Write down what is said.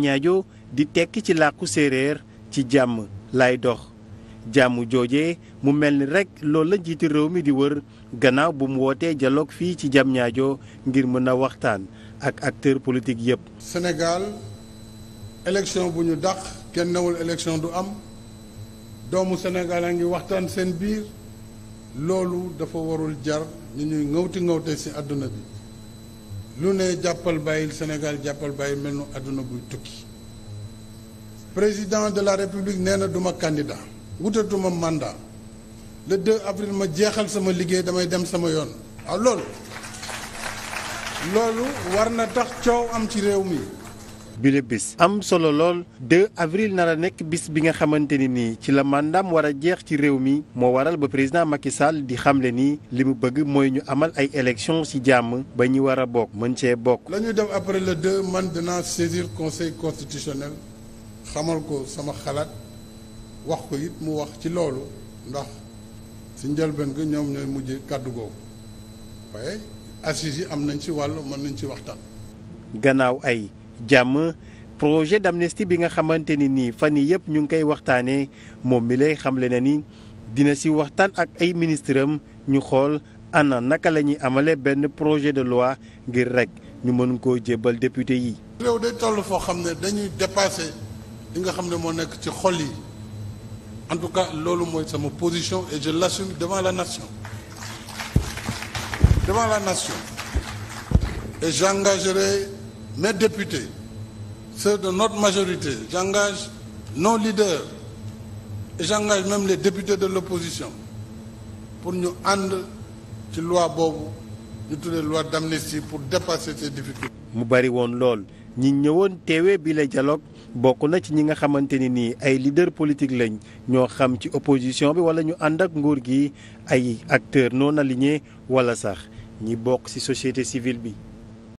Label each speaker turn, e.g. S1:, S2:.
S1: ñaajo di tekki ci làkku séeréer ci jàmm lay dox jàmm jooje mu mel ni rekk loolu la njiitu réew mi di wër gannaaw bu mu wootee dialogue fii ci jam ñaajo ngir mën a waxtaan ak acteur politique yépp senegal
S2: élection bu ñu dàq kenn newul élection du am doomu Sénégal a ngi waxtaan seen biir loolu dafa warul jar ñu ñuy ŋawti ŋawte ci àdduna bi lu ne jàppal bàyyil Sénégal jàppal bàyyil mel nu àdduna buy tukki président de la république nee na duma candidat wutatuma mandat le 2 avril ma jeexal sama liggéey damay dem sama yoon waaw ah, loolu loolu war na tax coow am ci réew mi bi la bés
S1: am solo lool 2 avril nar a nekk bis bi nga xamante ni nii ci la mandaam war a jeex ci réew mi moo waral ba président Macky Sall di xamle nii li mu bëgg mooy ñu amal ay élections ci jàmm ba ñu war a bokk mën cee bokk.
S2: la ñuy def après la 2 man dinaa saisir conseil constitutionnel xamal ko sama xalaat wax ko it mu wax ci loolu ndax si njëlbeen ga ñoom ñooy mujj kàddu googu waaye assises yi am nañ ci wàll mën nañ ci waxtaan.
S1: gannaaw ay. jàmm projet d'amnistie bi nga xamante ni nii fan yii yëpp ñu ngi koy waxtaanee moom mi lay xamle na ni dina ci waxtaan ak ay ministres am ñu xool ana naka la ñuy amalee benn projet de loi ngir rek ñu mën koo jébbal député yi.
S2: réew day toll foo xam ne dañuy dépasser li nga xam ne moo nekk ci xol yi en tout cas loolu mooy sama position et je l'assume devant la nation mais députés, ceux de notre majorité, j'engage nos leaders et j'engage même les députés de l'opposition pour ñu ànd ci loi boobu ñu tuddee loi d'amnistie pour dépasser ces difficultés.
S1: mu bari woon lool ñi ñëwoon teewee bi la dialogue bokk na ci ñi nga xamante ni nii ay leader politique lañ ñoo xam ci opposition bi wala ñu ànd ak nguur gi ay acteurs non alignés wala sax ñi bokk ci société civile bi.